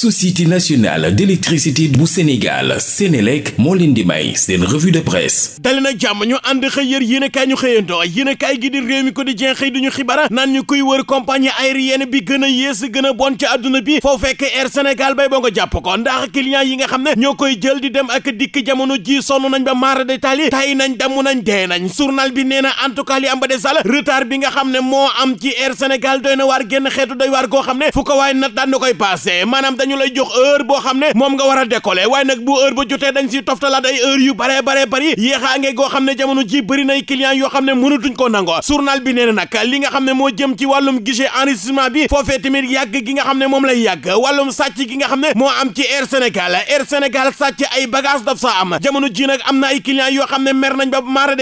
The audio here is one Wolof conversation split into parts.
société nationale d'électricité bu Sénégal Sénélec moo leen di may seen revue de presse dali nag jàmm ñu ànd xëy yër yéenekaay ñu xëyandoo yéenekaay gi di réew mi quotidien xëy duñu xibara naan ñu kuy wër compagnie aérienne bi gën a yées bon ci àdduna bi foo fekk Air Sénégal bay boo nga jàpp ko ndax client yi nga xam ne ñoo koy jël di dem ak dikk jamono ji sonn nañ ba maara de taali tay nañ damu nañ dee nañ journal bi nee na en tout cas am ba des sall retard bi nga xam ne moo am ci Air Sénégal dañu lay jox heure boo xam ne moom nga war a décoller nag bu heure ba jotee dañ si toftalaat ay heure yu baree baree bari yéexaange goo xam ne jamono ji bëri nay client yoo xam ne mënutuñ koo nangoo journal bi nee nag li nga xam ne moo jëm ci wàllum guichet enregistrement bi foofee tamit yàgg gi nga xam ne moom lay yàgg wàllum sàcc gi nga xam ne moo am ci Air Sénégal Air Sénégal sàcc ay bagage daf sa am jamono ji nag am na ay client yoo xam ne mer nañ ba maara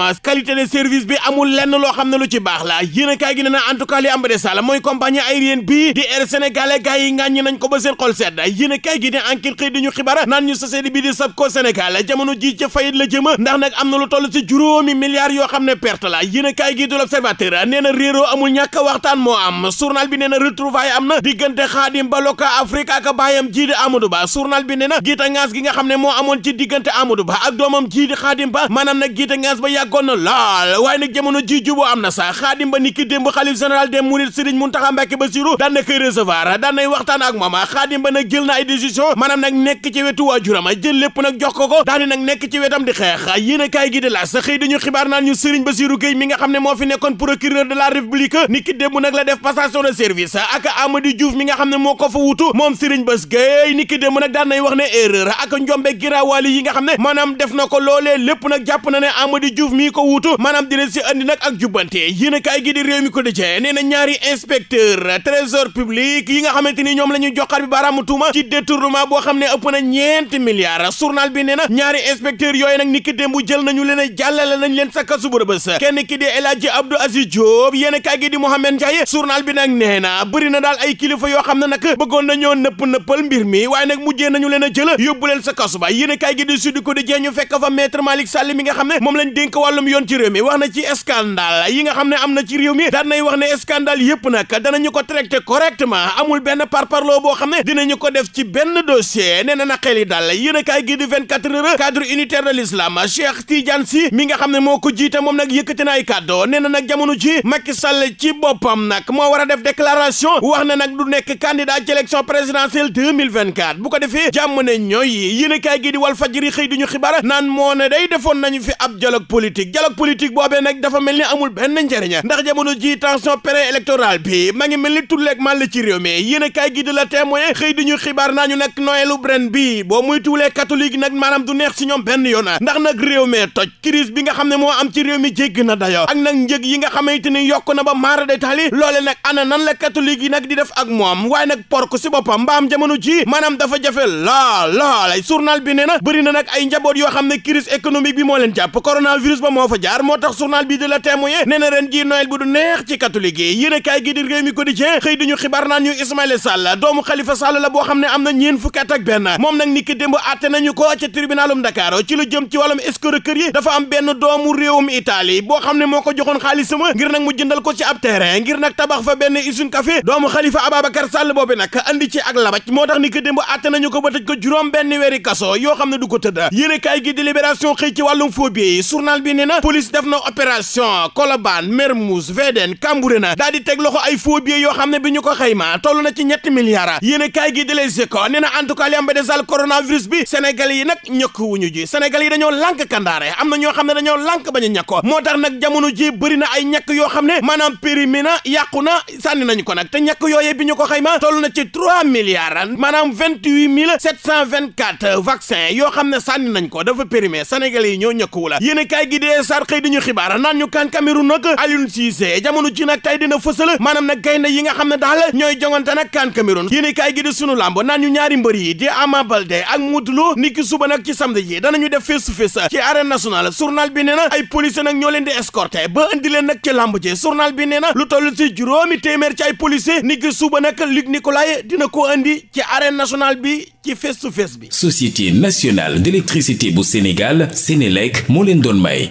a assurance qualité de service bi amul lenn loo xam ne lu ci baax la a kaay gi en tout cas li am ba des sall mooy compagnie aérienne bii di Air Sénégal gars yi ngàññi nañ ko ba seen xol sedd yéen a kaay gi ne enquête xëy di ñu xibaar naan ñu société bi di Sapco Sénégal jamono ji ca fayit la jëma ndax nag am na lu toll ci juróomi milliards yoo xam ne perte la yéen a kaay gi du l'observateur nee na réeroo amul ñàkk waxtaan moo am journal bi nee na retrouvaille am na diggante Khadim Baloka Afrique ak baayam jii Ba journal bi nee na giita ngaas nga xam ne moo amoon ci diggante Amadou Ba ak doomam jii di Khadim neexoon na lool waaye nag jamono ji juboo am na sax xaadim ba ni na koy nekk ci wetu waajuram jël lépp nag jox ko ko daal di nag nekk ci wetam di xeex yéen a kaay gi de la sa xëy dañu xibaar naan ñu Serigne Bassirou Gueye mi nga xam ne moo fi nekkoon procureur de la République ni démb nag la def passation de service ak Amady Diouf mi nga xam ne moo ko fa wutu moom Serigne Bass Gueye ni ki démb nag daan nay wax ne erreur ak njombe nga xam ne maanaam def na ko loolee lépp nag jàpp na ne Amady Diouf mi ñi ko wuutu maanaam dina si andi nag ak jubbante yéen a kaay gi di réew mi ko dëjee nee ñaari inspecteur trésor public yi nga xam xamante ni ñoom la ñuy joxaat bi baaraamu tuuma ci détournement boo xam ne ëpp na ñeenti milliards journal bi nee na ñaari inspecteur yooyu nag ni ki démb jël nañu leen a jàllale nañ leen sa kasu bu rëbës kenn ki di El Hadji Abdou Aziz Diop yéen a kaay gi di Mohamed Ndiaye journal bi nag nee bëri na daal ay kilifa yoo xam ne nag bëggoon a jël yóbbu leen sa kasu ba yéen a kaay gi nga xam ne moom lañ dénk wàllu wàllum yoon ci réew mi wax na ci scandale yi nga xam ne am na ci réew mi daan nay wax ne ko traité correctement amul benn parparloo boo xam ne dinañu na na xel yi daal moo ko jiite moom nag yëkkati na ay nag jamono ji Macky Sall ci boppam nag moo war a def déclaration wax na nag du nekk candidat ci élection présidentielle bu ko defee jàmm ne ñooy yéen a kaay gi di Walf Fadjri xëy di ñu xibaar naan moo ne day defoon nañu fi ab dialogue politique dialogue politique boobee nag dafa mel ni amul benn njëriñ ndax jamono ji tension pré-électorale bi ma ngi mel ni tulleeg màll ci réew mi yéen a kaay gi de la témoin xëy di ñu xibaar naa ñu nag noëlu bren bi boo muy tuulee catholique nag maanaam du neex si ñoom benn yoon a ndax nag réew mi toj crise bi nga xam ne moo am ci réew mi jégg na dayo ak nag njëg yi nga xamante ni yokk na ba maara détaali loole nag ana nan la catholique yi nag di def ak moom waaye nag pork si boppam mbaam jamono ji maanaam dafa jafe lool lool journal bi nee na bëri na nag ay njaboot yoo xam ne crise économique bi moo leen moo fa jaar moo tax journal bi di la témoigner nee na ren ji Noël bu du neex ci catholique yi yéene kaay gi di réew mi quotidien xëy diñu xibaar naan ñu Ismaïla Sall doomu Khalifa Sall la boo xam ne am na ñeen fukki ak benn moom nag ni démb àtte nañu ko ca tribunalum Dakar ci lu jëm ci wàllum escroquerie yi dafa am benn doomu réewum Italie boo xam ne moo ko joxoon xaalisam ngir nag mu jëndal ko ci ab terrain ngir nag tabax fa benn usine café nee na police def na opération Colobane Mermoz Védène Cambérène daal di teg loxo ay faux yoo xam ne bi ñu ko xayma toll na ci ñetti milliards yéen a kaay gi de Les Échos nee na en tout cas li am ba desal coronavirus bi Sénégal yi nag ñëkk wuñu ji Sénégal yi dañoo lànk kandaare am na ñoo xam ne dañoo lànk bañ a ñàkk moo tax nag jamono ji bëri na ay ñàkk yoo xam ne maanaam périmé na yàqu na sànni nañu ko nag te ñàkk yooyee bi ñu ko xayma toll na ci trois milliards maanaam vingt-huit mille sept cent vingt-quatre vaccin yoo xam ne sànni nañ ko dafa périmé Sénégal yi ñoo ñëkkuwu la yéen a Adrien Sarr xëy di ñu xibaar naan ñu kan Cameroun nag Aliou Cissé jamono ci nag tey dina fësal maanaam nag gaynde yi nga xam ne daal ñooy jongante nag kan Cameroun yéen i kaay gi di sunu làmb naan ñu ñaari mbër yi di Ama Baldé ak Modou Lô suba nag ci samedi ji danañu def face to face ci arène nationale journal bi nee na ay policiers nag ñoo leen di escorter ba indi leen nag ci làmb bi nee na lu toll ci juróomi téeméer ci ay policiers niki suba nag Luc Nicolaï dina ko indi ci arène nationale bi ci face to face bi. Société nationale d'électricité bu Sénégal Sénélec moo leen doon may.